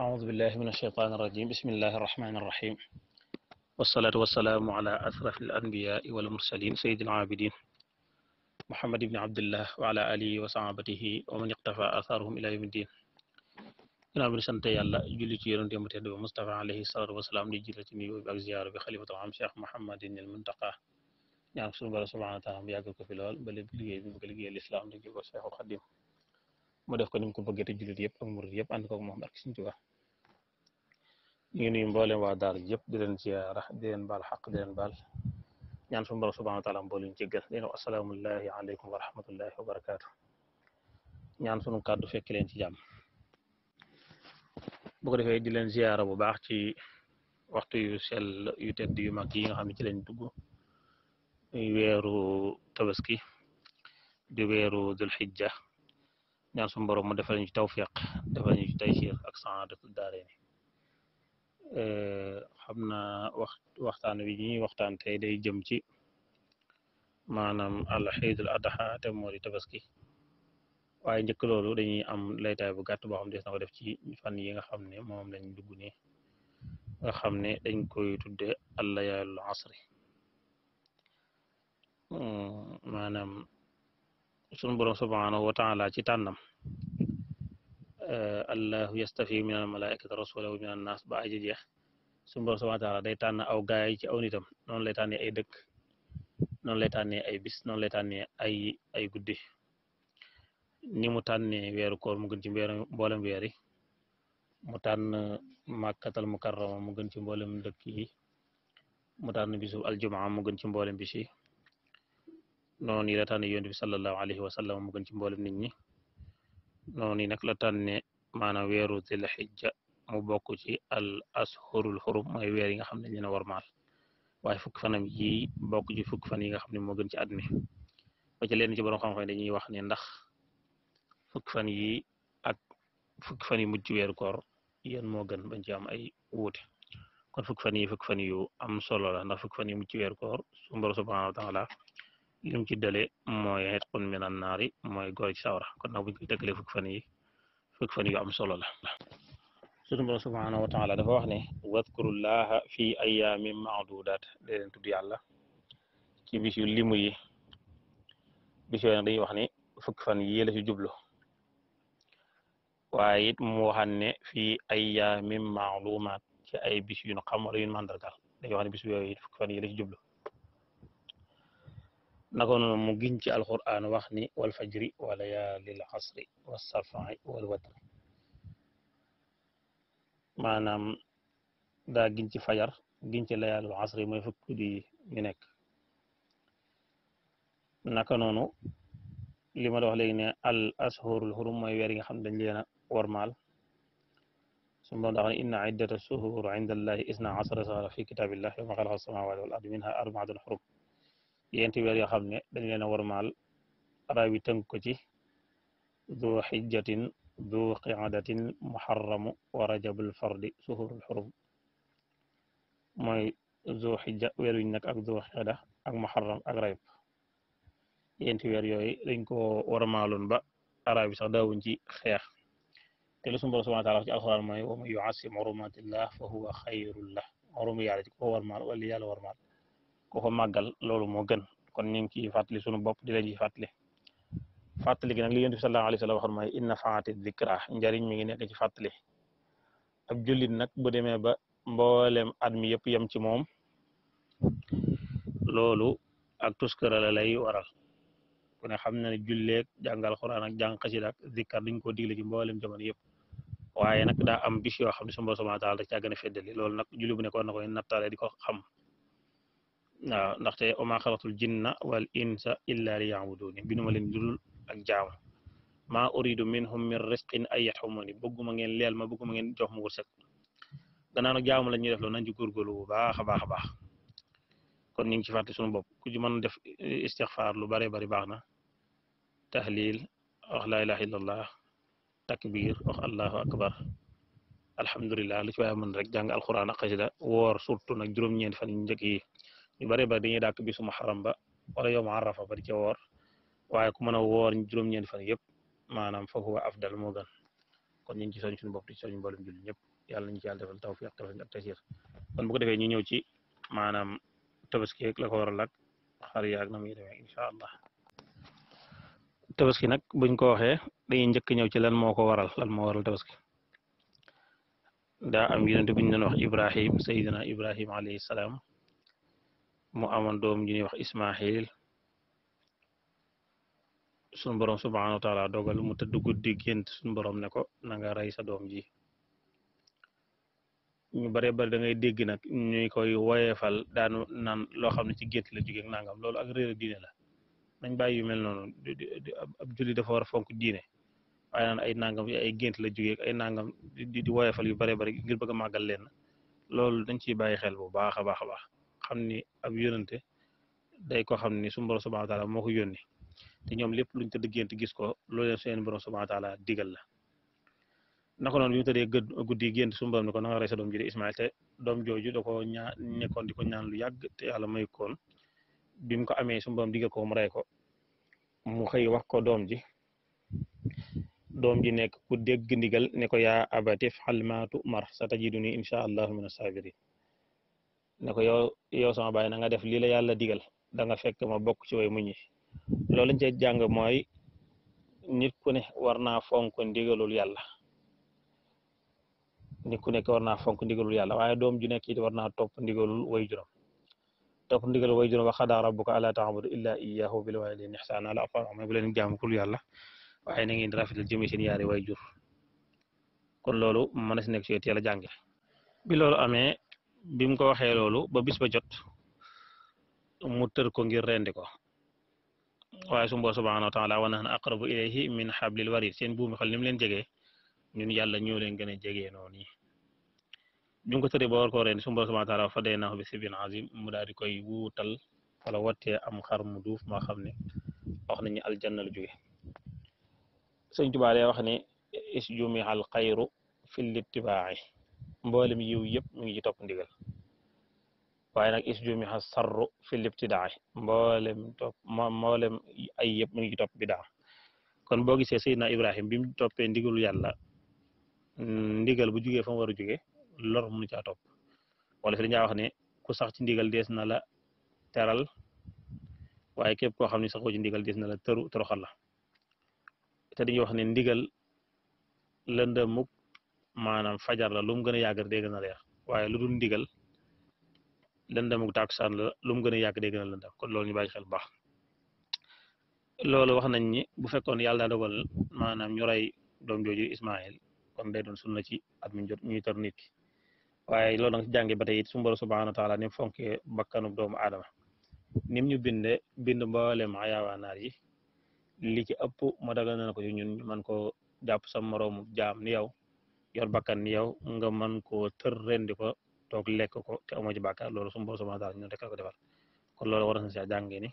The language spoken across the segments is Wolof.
أعوذ بالله من الشيطان الرجيم بسم الله الرحمن الرحيم والصلاة والسلام على أشرف الأنبياء والمرسلين سيدنا العابدين محمد بن عبد الله وعلى آله وصحبه ومن اقتفى آثارهم إلى يوم الدين إن أبو سنت يلا جلتي يرند يوم تهدو مصطفى عليه الصلاة والسلام لجلتي ميو بأزيار بخليفة العام شيخ محمد بن المنتقى يعني سبحانه وتعالى بيأكل كفيلول بل بلقي بلقي الإسلام لجلتي شيخ خديم ma def ko nim ko bëggee te jullit yëpp ak murit yëpp ànd koog moom barke Sëriñ Tuubaa ñu ngi nuyu mboolem waa daal yëpp di leen ziyaara di leen baal xaq di leen baal ñaan suñu borom subhanahu wa taala ñu jéggal di leen wax asalaamullahi aleykum wa rahmatullahi wa barakaatu ñaan suñu kàddu fekk leen ci jàmm bu ko defee di leen ziyaara bu baax ci waxtu yu sell yu tedd yu mag yi nga xam ne ci lañ dugg muy weeru tabaski di weeru dul xijja ñaan suñu borom mu defal ñu ci tawfiq defal ñu ci taysiir ak saadatu daarayni xam na waxtaan wi ñuy waxtaan tey day jëm ci maanaam al Iidul Adha te moo di tabaski waaye njëkk loolu dañuy am laytaay bu gàtt boo xam des na ko def ci fan yi nga xam ne moom lañ dugg ni nga xam ne dañ koy tudde al layaalul asri hmm, maanaam sunu borom subhanahu wa taala ci tànnam eh, allahu yastafi min al malaikati rasula wa min an nas ba aji jeex sunu borom subhanahu wa taala day tànn aw gaay ci aw nitam noonu lay tànnee ay dëkk noonu lay tànnee ay bis noonu lay tànnee ay ay guddi ni mu tànnee weeru koor mu gën ci mbeeru mboolem weer yi mu tànn màkkatal mukarrama mu gën ci mboolem dëkk yi mu tànn bisu aljumaa mu gën ci mboolem bis yi noonu yi la tànne yonent bi sallallahu alayhi wa sallam gën ci mboolem nit ñi noonu yi nag la tànne maanaam weeru zil xijja mu bokk ci al ashurul xurum mooy weer yi nga xam ne ñu ne warmaal waaye fukki fanam yi bokk ci fukki fan yi nga xam ne moo gën ci at mi ba ci leen ci borom xam dañuy wax ne ndax fukki fan yi ak fukki fan yi mujj ci weeru koor yéen moo gën bañ ci am ay wuute kon fukki fan yi fukki fan yu am solo la ndax fukki fan yi mujj ci weeru koor su mboro subhanahu wa lim ci dale mooy xetqun minan naari mooy góor sawra kon nag buñ koy tëkkalee fukki fan yi fukki fan yu am solo la suñu borom subhanahu wa taala dafa wax ne wadkurullaha fi ayaamin maadudat dee leen tudd yàlla ci bis limu yi bis yooyu nag dañuy wax ne fan yii la ci jublu it mu waxan ne fi ayaamin maalumaat ci ay bis yu ñu xam wala yu ñu màndargal dañuy wax ne bis yooyu it fukki fan yi la ci jublu نكون موجين في القرآن وحني والفجر وليالي العصر والصفع والوتر ما نام دا جنتي فجر جنتي ليالي العصر ما يفك دي منك نكون لما دوح لينا الأشهر الحرم ما يبيرين حمد لينا ورمال سبحان الله إن عدة الشهور عند الله إثنا عشر شهرا في كتاب الله يوم خلق السماوات والأرض منها أربعة حروب yenti weer yoo xam ne dañ leen a warmaal arab yi tënk ko ci du xijjatin du qiadatin muharramu wa rajabul fardi suhurul xurum mooy du xijja weer wiñ nag ak du qiada ak muharram ak rayb yenti weer yooyu dañ ko warmaaloon ba arab yi sax daawuñ ci xeex te lu sunu Boroom subhaana taala wax ci alxuraan mooy wa man yuasim xurumatillah fa huwa xayrun lah xurum yàlla ci ko warmaal wala yàlla warmaal ko ko magal lolu mo gën kon ñing ci fatali suñu sunu di lañ ci fatali fatali gi nak li yonent sallallahu alayhi wasallam inna faati dhikra njariñ mi ngi nekk ci fatali ab jullit nak bu démé ba mbolem admi mi yëpp yem ci mom lolu ak tuskara la lay waral ku ne xamna na ne julleeg jàngal ak jang xasida ak zikkar duñ ko diglé ci mbolem jamono yëpp waye nak da am bis yo xamni ne subhanahu wa taala da caa gën feddali loolu julli bu ne ko na koy nattaale di ko xam waaw ndaxte oma xalatul jinna wal insa illa li yaabuduni binu ma leen dul ak jaamu maa uridu minhum min risqin ay yaxumuni bëgguma ngeen leel ma bëgguma ngeen jox ma wërsëg gannaaw nag jaamu la ñuy def loolu nañ ci góorgóorlu bu baax a baax a baax kon ñu ngi ci fàtte suñu bopp ku ci mën def istixfaar lu bare bari baax na tahlil wax laa ilaha illallah takbir wax allahu akbar alhamdulilah lu ci waaye mën rek jàng alquran ak xasida woor surtout nag juróom-ñeent fan yu njëkk yi ñu bari bari dañuy dàkk bisu muharram ba wala yow mu arafa ba di woor waaye ku mën a woor juróom-ñeenti fan yëpp maanaam fa huwa afdal moo gën kon ñu ci soñ suñu bopp di soñ mboolem jullit ñëpp yàlla nañu ci yàlla defal tawfiq defal ak tasiir kon bu ko defee ñu ñëw ci maanaam tabaski ak la ko waral ak xar yaag na muy demee incha allah tabaski nag buñ ko waxee dañuy njëkk ñëw ci lan moo ko waral lan moo waral tabaski daa am yonent bu ñu doon wax Ibrahim Seydina Ibrahim alayhi salaam mu amoon doom ji ñuy wax Ismaahil sunu borom subhaanahu wa taala dogal mu tëdd guddi gént sunu boroom ne ko nanga nga rey sa doom ji ñu bëree bëri da ngay dégg nag ñuy koy woyeefal daanu naan loo xam ne ci gént la jóge nangam loolu ak réer diine la nañ bàyyi yu mel noonu ab julli dafa war fonk diine waaye naan ay nangam ay gént la jóge ay nangam di di woyeefal yu bëree bëri ngir bëgg a màggal leen loolu dañ ciy bàyyi xel bu baax a baax a baax. xam ni ab yónnante day ko xam ne suñu borom subhanahu wa taala moo ko yónni te ñoom lépp luñ tëdd gént gis ko loolee seen borom subhanahu wa taala digal la naka noonu bi ñu tëddee gëdd guddi gént suñu borom ni ko na nga doom de Ismaayil te doom jooju da ko ñaa nekkoon di ko ñaan lu yàgg te yàlla may koon bi ko amee suñu borom digal ko mu rey ko mu xëy wax ko doom ji doom ji nekk ku dégg ndigal ne ko yaa abati f'al maa tu'mar satajiduni ne ko yow yow sama baay na nga def lii la yàlla digal da danga fekk ma bokk ci way muñ yi loolu lañ cee jàng mooy nit ku ne war naa fonk ndigalul yàlla nit nekk war naa fonk ndigalul yàlla waaye doom ju nekk it war naa topp ndigalul way juróom topp ndigalul way juróom wa qadaa rabbuka allaa ta'budu illaa iyyaahu bil waalidayni ihsaana la alquran mooy kul yàlla waaye na ngeen rafetal jëme seen yaari way jur kon loolu mën na si nekk ci yàlla jànge bi loolu amee bi mu ko waxee loolu ba bis ba jot mu tër ko ngir rendi ko waaye su mboo subhaanahu wa taala wa nahnu aqrabu ilayhi min hablil warid seen buumi xol ni mu leen jegee ñun yàlla ñoo leen gën a jegee noonu bi mu ko tëree ba war su mboo subhaanahu wa taala fa dee naa bi azim mu daal di koy wuutal wala wattee am xar mu duuf maa xam ne wax nañu aljanna la jóge sëñ Tuubaa wax ne isjumihal xayru fil ittibaa'i mboolem yiw yëpp mi ngi ci topp ndigal waaye nag is jumi xa sarru fil ibtidaa mboolem topp mboolem ay yëpp mi ngi ci topp bidaa kon boo gisee Seydina Ibrahim bi mu toppee ndigalu yàlla ndigal bu jugee fa mu war a jugee lor mënu caa topp wala fi dañaa wax ne ku sax ci ndigal des na la teral waaye képp koo xam ne saxoo ci ndigal des na la tëru toroxal la te dañuy wax ne ndigal lëndëmuk maanaam fajar la lu mu gën a yàgg day gën a leer waaye lu dul ndigal lëndamuk tàkkusaan la lu mu gën a yàgg day gën a lëndam kon loolu ñu bàyyi xel bu baax loolu wax nañ ni bu fekkoon yàlla daa dogal maanaam ñu rey doom jooju Ismaayil kon day doon sunna ci at mi jot ñuy nit ki waaye lool nag jànge ba tey it suñu borom subhaana wa taala ni mu fonkee bakkanu doomu aadama nim ñu binde bind mboolem xayawanaar yi li ci ëpp mu dagal na ko ci ñun man ko jàpp sam moroomu jaam ni yow yor bakkan ni yow nga mën koo tër rendi ko toog lekk ko te amoo ci bàkkaar loolu suñu bopp subhanahu wa taala ñun o ko defal kon loolu war nañ si jàngee ni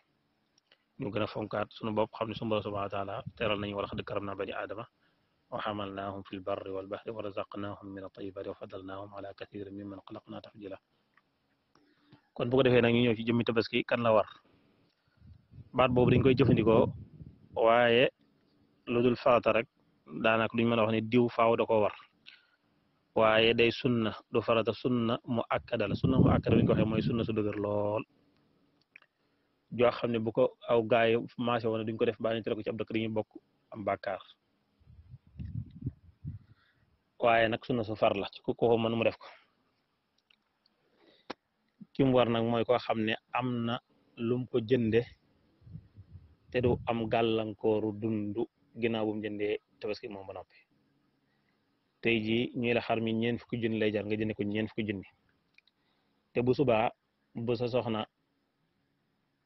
ñu gën a fonkaat suñu bopp xam ne suñu bopp subhanahu wa taala teral nañu wala xad karam naa bani aadama wa xamalnaahum na lbarri walbahri wa razaqnaahum min at-tayyibaati wa fadalnaahum ala kathirin mimman xalaqnaa tafdila kon bu ko defee nag ñu ñëw ci jëmmi tabaski kan la war baat boobu dañ koy jëfandikoo waye lu dul farata rek daanaka duñ mën a wax ne diw faaw da koo war waaye day sunna du farata sunna mu akkada la sunna mu akkada ko waxee mooy sunna su dëgër lool joo xam ne bu ko aw gaay maase woon duñ ko def baa ñu tere ko ci ab dëkk dañuy bokk am bàkkaar waaye nag sunna su far la ci ku ko mën def ko ki war nag mooy koo xam ne am na lum ko jënde te du am gàllankooru dundu ginnaaw bu mu jëndee tabaski moom ba noppi tey jii ñuy la xar mi ñeen fukki jinn lay jar nga jëne ko ñeen fukki jinn te bu suba bu sa soxna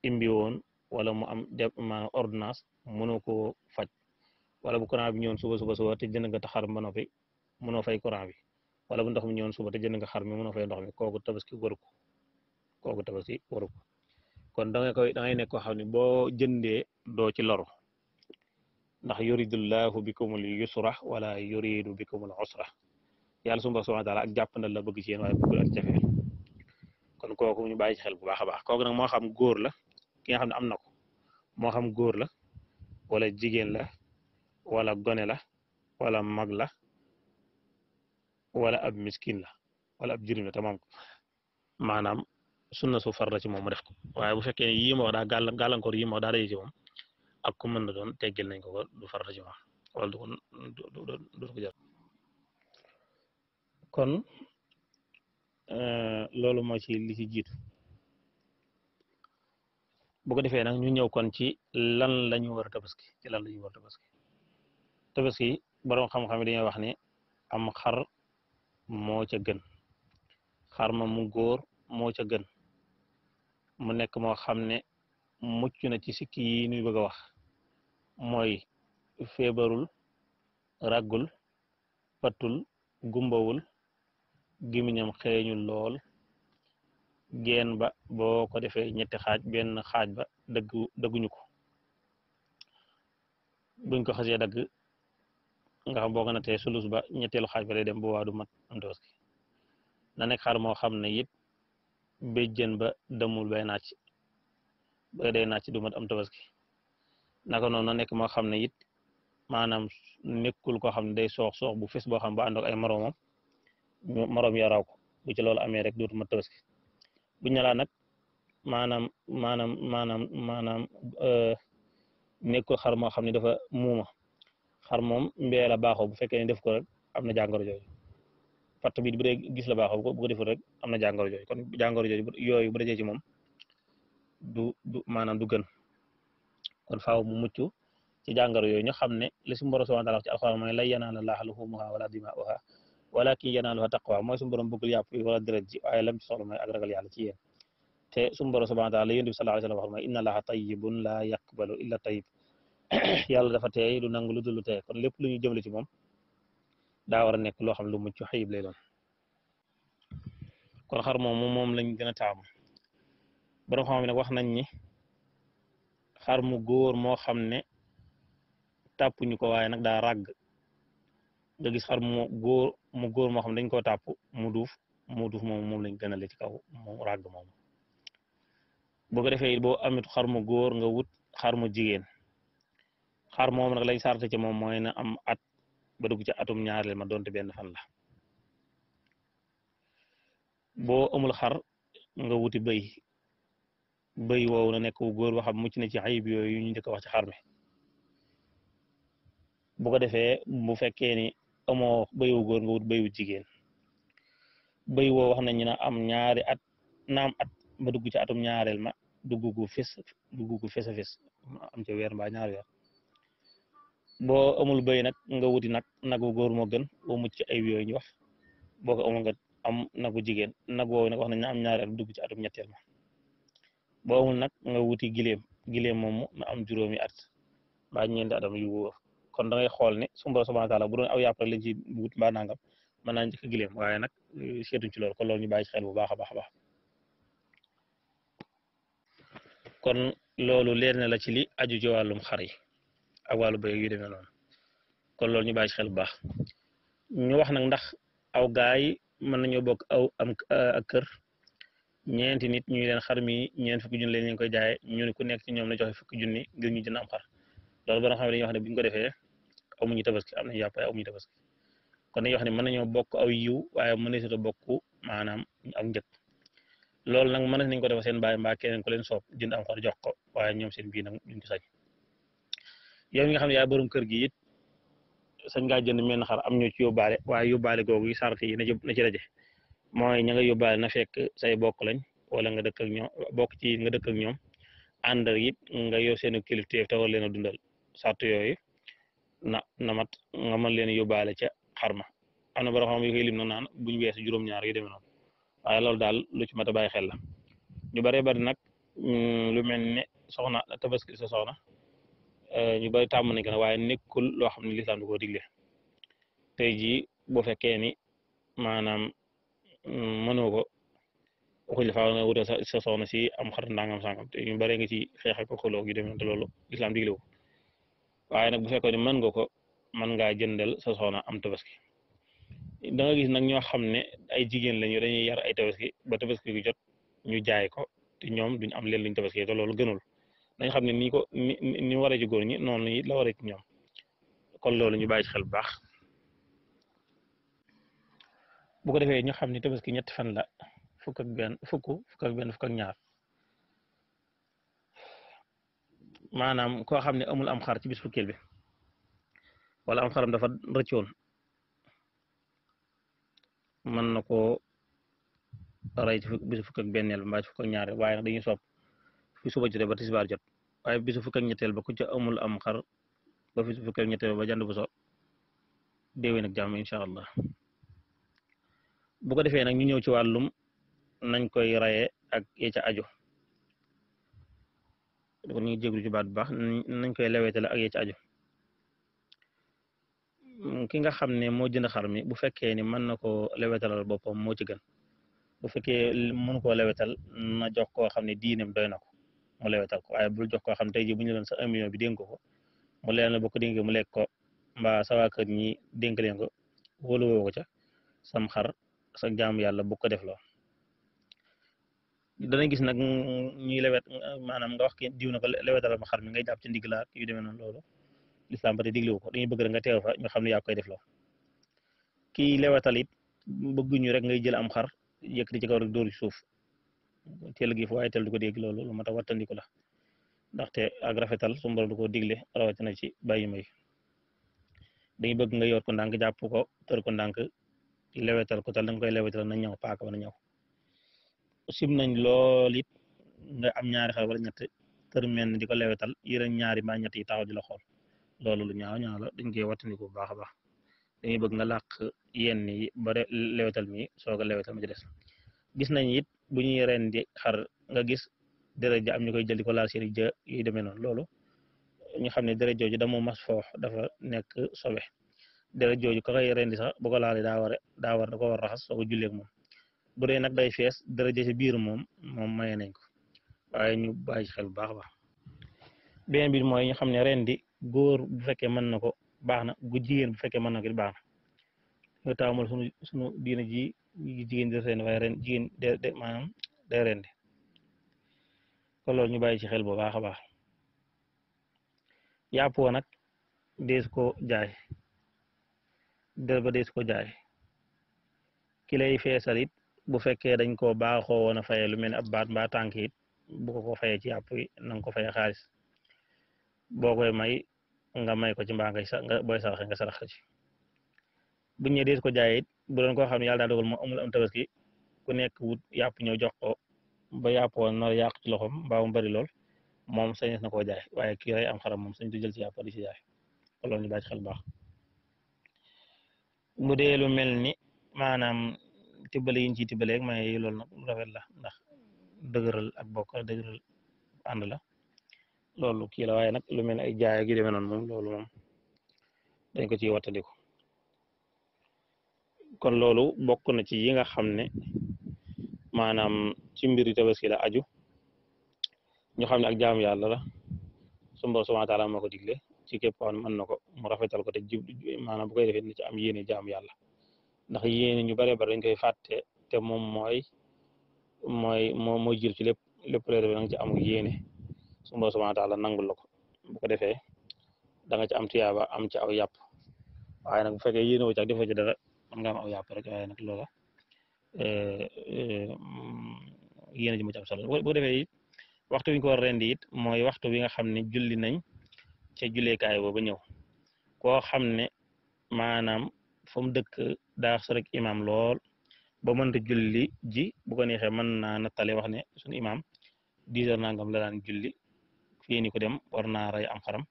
imbi won wala mu am man ordonnance mëno ko faj wala bu courant bi ñewon suba suba suba te jëne nga taxar mëno fi mëno fay courant bi wala bu ndox mi ñewon suba te jëne nga xar mi mëno fay ndox mi koku tabaski ko tabaski waru ko kon da nga koy da ngay nekk koo xam bo boo ci loru ndax yuridullahu bikumul yusra wala yuridu bikumul usra yàlla sunu borom subhanahu wa taala ak jàppandal la bëgg ci yéen waaye bëggul ak jafe kon kooku ñu bàyyi xel bu baax a baax kooku nag moo xam góor la ki nga xam ne am na ko moo xam góor la wala jigéen la wala gone la wala mag la wala ab miskin la wala ab jirim la te moom maanaam sunna su far la ci moom mu ko waaye bu fekkee ne yii ma wax daa gàllankoor yii ma wax daa ak ku mën na doon teggil nañ ko ko du farata ci wala du ko du ko jar kon eh, loolu moo ci li ci jiitu bu ko defee nag ñu ñëw kon ci lan la war a tabaski ci lan la war a tabaski tabaski borom xam-xam yi dañuy wax ne am xar moo ca gën xar ma mu góor moo ca gën mu nekk moo xam ne mucc na ci sikki yi ñuy bëgg a wax mooy feebarul raggul pattul gumbawul gimiñam xeeñul lool geen ba boo ko defee ñetti xaaj benn xaaj ba dëggu dëgguñu ko buñ ko xasee dagg nga xam boo ko natee sulus ba ñetteelu xaaj ba day dem bu waa du mat am tabaski na nekk xar moo xam ne it béjjën ba demul bay naaj ba day naaj du mat am tabaski naka noonu nekk moo xam ne it maanaam nekkul koo xam ne day soox soox bu fes boo xam ne ba ay moroomam moroom yaraw ko bu ci loolu amee rek dootuma tabaski bu ñu laa nag maanaam maanaam maanaam maanaam euh, nekkul xar moo xam ne dafa muuma xar moom mbee la baaxoo bu fekkee ne def ko rek am na jàngoro jooju fatt bi bu dee gis la baaxoo bu ko deful rek am na jàngoro jooju kon jàngoro jooju yooyu bu dajee ci moom du du maanaam du gën kon faaw mu mucc ci jàngoro yooy ñu xam ne li suñu borom subhanahu wa taala ci alxuraan mooy lan yanaala llaaha luhuumuhaa wala dimaahuhaa walakin yanaaluhaa taqwa mooy suñu borom bëggul yàpp yi wala deret ji waaye lam ci soxla mooy ak ragal ci yéen wa taala la yonent yàlla dafa te lu nangu lu dul lu teey kon lépp lu ñu jëmle ci moom daa war a nekk loo xam lu mucc xayib lay doon kon xar moom moom lañ gën a taamu xam ne nag wax nañ ni xar mu góor moo xam ne tàppuñu ko waaye nag daa ràgg nga gis xar mu góor mu góor moo xam ne dañ koo tàpp mu duuf mu duuf moom moom lañ gënale ci kaw mu ràgg moom boo ko defee boo amit xar mu góor nga wut xar mu jigéen xar moom nag lañ sarte ci moom mooy na am at ba dugg ci atum ñaar ñaareel ma donte benn fan la boo amul xar nga wuti bay bëy woowu na nekk wu góor waxam mucc na ci ayib yooyu ñu njëkk wax ci xar bu ko defee bu fekkee ni amoo bëy wu góor nga wut bëy wu jigéen bëy woo wax nañu ne am ñaari at naam at ba dugg ci atum ñaareel ma dugg gu fés dugg gu fés a fés am ci weer mbaa ñaari weer boo amul bëy nag nga wuti nag nagu góor moo gën boo mucc ayib yooyu ñu wax boo ko amul nga am nagu jigéen nag woowu nag wax nañ ne am dugg ci atum ñetteel ma boo amul nag nga wuti gileem gileem moomu na am juróomi at mbaa ñeenti atam yu wóor kon da ngay xool ne suñu borom subhanahu la taala bu doon aw yàpp rek lañ ci wut mbaa nangam mën naa njëkk gileem waaye nag eh, seetuñ ci loolu kon loolu ñu bàyyi xel bu baax a baax a baax kon loolu leer na la ci li aju ci wàllum xar yi ak wàllu bëy yu demee noonu kon loolu ñu bàyyi xel bu baax ñu wax nag ndax aw gaay mën nañoo bokk aw am eh, kër ñeenti nit ñuy leen xar mi ñeent fukki junni leen ñu koy jaaye ñu ne ku nekk ci ñoom la joxe fukki junni ngir ñu jënd am xar loolu borom xam ne dañuy wax ne bu ñu ko defee amuñu am nañu yàpp waaye amuñu tabaski kon dañuy wax ne mën nañoo bokk aw yiw waaye mën nañu bokk maanaam am njëkk loolu nag mën nañu ko defal seen bàyyi mbaa keneen ku leen soob jënd am xar jox ko waaye ñoom seen bii nag duñ ko sañ yow nga xam ne yaay borom kër gi it sañ ngaa jënd menn xar am ñoo ci yóbbaale waaye yóbbaale googu yi sart yi na ci daje moy ñinga yobal na fekk say bokk lañ wala nga dëkk ak ñoom bokk ci nga dëkk ak ñoom andal ak nga yo seen war dundal sattu yoy na na mat nga man leen yóbbaale ca xarma ana na borom xam yu koy lim na naan buñu wess juroom ñaar yi demé non ay lool dal lu ci mata baye xel la ñu bëree bëri nak mm, lu melni ne soxna tabaski sa soxna eh, ñu bëri tam nañ ko nekkul lo xamni l'islam du ko diglé tay ji bo fekke ni manam mënoo ko waxuñ la faa nga sa sa soxna si am xar ndàngam sàngam te ñu bare nga ci xeex ak xuloo yu demee te loolu islam digle ko waaye nag bu fekkoon ne mën nga ko mën ngaa jëndal sa soxna am tabaski da nga gis nag ñoo xam ne ay jigéen lañu dañuy yar ay tabaski ba tabaski gu jot ñu jaay ko te ñoom duñ am leen luñ tabaski ta loolu gënul dañ xam ne ni ko ni ni waree ñi góor ñi noonu la waree ci ñoom kon loolu ñu bàyyi xel bu baax. bu ko defee ñu xam ne tabaski ñetti fan la fukk ak benn fukk fukk benn fukk ñaar maanaam koo xam ne amul am xar ci bis fukkeel bi wala am xaram dafa rëccoon mën na ko rey ci bis fukk ak benneel ba ñaar ci fukk ak ñaareel waaye nag dañuy sopp fi suba jotee ba tisbaar jot waaye bisu fukk ñetteel ba ku ca amul am xar ba fi fukk ak ñetteel ba jant bu so déewee nag jàmm allah bu ko defee nag ñu ñëw ci wàllum nañ koy raye ak ye ca aju ñu ngi jéglu bu baax nañ koy lewetale ak ye ca ki nga xam ne moo jënd xar mi bu fekkee ni mën na koo lewetalal boppam moo ci gën bu fekkee mënu koo lewetal na jox koo xam ne diineem doy na ko mu lewetal ko waaye bul jox koo xam ne tey jii ñu doon sa un million bi dénk ko mu leen la bokk dénk mu lekk ko mbaa sa kër ñi dénk leen ko ca sam xar sa jam ya bu ko def loo dana gis nag ñuy lewet maanaam nga wax ki diw na ko lewetal ma xar mi ngay jàpp ci ndigla ak yu demee noonu loolu lislaam ba tey diglewu ko dañuy bëgg rek nga teew fa ñu xam ne yaa koy def loo kii lewetal it bëgguñu rek ngay jël am xar di ci kaw rek dóor ci suuf teel gi fa waaye teel du ko dégg lu mat a wattandiku la ndaxte ak rafetal su mboro du ko digle rawatina ci bàyyi may dañuy bëgg nga yor ko ndànk jàpp ko tër ko ndànk lewetal ko tal dang koy lewetal na ñëw paaka wala ñëw sim nañ lool it nga am ñaari xal wala ñett teur men di ko lewetal yere ñaari mbaa ñett yi taxaw di la xol loolu lu ñaaw ñaaw la dañ koy watani ko baax baax dañuy bëgg nga laq yenn yi ba lewetal mi so a lewetal ma ci des gis nañ it bu ñuy rendi xar nga gis dere ja am ñukoy jël di ko laal seen jë yi demee non loolu ñu xam dere deret da mo mas fo dafa nek sobe deret jooju ka koy rendi sax bu ko laalee daa war daa war da ko war raxas soo ko julleeg moom bu dee nag day fees deret ja ci biir moom moom maye nañ ko waaye ñu bàyyi xel bu baax a baax beneen bi mooy ñu xam ne rendi góor bu fekkee mën na ko baax na jigéen bu fekkee mën na ko baax na ñu taamul sunu sunu diina ji jigéen di rendi waaye ren jigéen de maanaam day rendi loolu ñu bàyyi ci xel bu baax a baax yàppoo nag dees ko jaay der ba dees ko jaay ki lay feesal it bu fekkee dañ koo baaxoo woon a fayee lu mel ne ab baat mbaa tànk it bu ko ko fayee ci àpp yi na nga ko fayee xaalis boo koy may nga may ko ci mbaa ngay nga boy saraxe nga sarax ko ci bu ñëwee dees ko jaay it bu doon koo xam ne yàlla daa dogal moo amul am tabaski ku nekk wut yàpp ñëw jox ko ba yàpp woon nar yàq ci loxoom mbaa mu bari lool moom sañes na koo jaay waaye kii am xaram moom sañ du jël ci yàpp di ci xel baax bu dee lu mel ni maanaam tibbale yi ñu ciy tibbale ak maye yi loolu nag lu la ndax dëgëral ak bokk la dëgëral ànd la loolu kii la waaye nag lu mel ni ay jaay ak yu demee noonu moom loolu moom dañ ko ciy wattandiku kon loolu bokk na ci yi nga xam ne maanaam ci mbiri tabaski la aju ñu xam ne ak jaamu yàlla la sunu borom subhaanahu wa taala moo ko digle ci képp ko xam mën na ko mu rafetal ko te jib maanaam bu koy defee ni ci am yéene jaam yàlla ndax yéene ñu bare bare dañ koy fàtte te moom mooy mooy moo mooy jir ci lépp lépp lay defee ci am yéene su mboo subhaana taala nangul la ko ko defee da nga ci am tuyaaba am ci aw yàpp waaye nag bu fekkee yéene woo ci ak defoo am aw yàpp rek waaye nag loola eh, eh, mm, yéene ji mu ci am waxtu wi ñu ko war a mooy waxtu bi nga xam ne julli nañ ca juleekaay ba ñaw koo xam ne maanaam fa mu dëkk daa sori ak imaam lool ba mënta julli ji bu ko neexee mën naa nattale wax ne suñu imaam dix heures nangam la daan julli fii ni ko dem war naa rey am xaram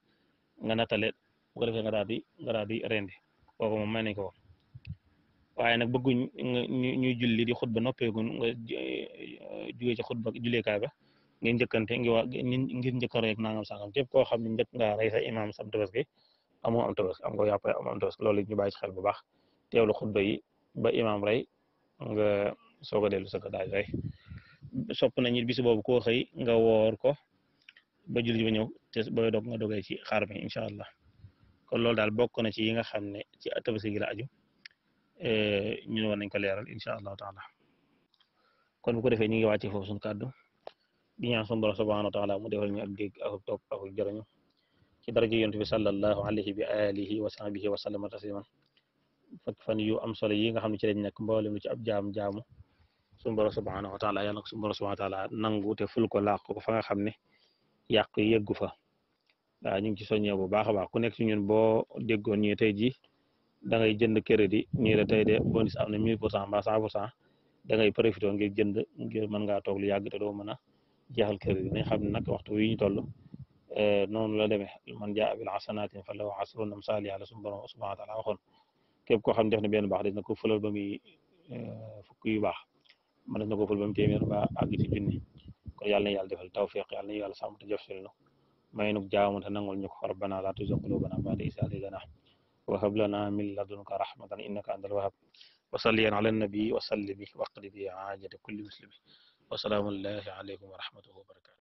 nga nattale bu ko defee nga daal nga daal rendi kooku moom may nañ ko waaye nag bëgguñ ñu julli di xutba noppeegun nga eh, eh, jugee ci xutba ngeen njëkkante ngi waa ngir njëkkaro yeeg nangam képp koo xam ne njëkk nga rey sa imaam sam tabaski amoo am tabaski am ko yàpp amoo am tabaski loolu ñu bàyyi ci xel bu baax teewlu xutba yi ba nga soog a dellu sa daal rey sopp nañu bis boobu koo xëy nga woor ko ba julli ba ñëw te booy doog nga dogee ci xaar mi incha allah kon lool daal bokk na ci yi nga xam ne ci tabaski gi la aju eh, ñu war nañ ko leeral incha allahu taala kon bu ko defee ñu ngi wàcce foofu suñu kàddu di ñaan sun borom subhanahu wa taala mu defal ñu ak dégg ak toog ak jëriñu ci daraja yonent bi sallallahu alayhi bi alihi wa sahbihi wa sallama tasliman fak fan yu am solo yi nga xam ne ci lañ nekk mboolem ci ab jaam jaamu sun borom subhanahu wa taala yàlla na sun borom subhanahu wa taala nangu te ful ko làq ko fa nga xam ne yàq yeggu ya fa waaw ñu ngi nah, ci soññee bu baax a baax ku nekk ci ñun boo déggoon ñu tey ji da ngay jënd crédit ñu la tey de bonus am 1000 pour 100 da ngay profité ngir jënd ngir mën ngaa toog lu yàgg te doo mën جهل كبير من خبر نك وقت وين تقول آه، نون لا دم من جاء بالعسنات فلو عسرنا مسالي على سبحان سبحان الله آخر كيف كو خم جهنا بين بعض نكو فلو بمي آه، فكوي با من نكو فلو بمي تيمير با أجلس جني كو يالنا يال دخل توفيق يالنا يال سام تجفسلنا ما ينك جاء من هنا نقول نك ربنا لا تزق قلوبنا بعد إسالي لنا وهب لنا من لدنك رحمة إنك أنت الوهاب وصلي على النبي وسلم واقلبي عاجل كل مسلم وسلام الله عليكم ورحمة الله وبركاته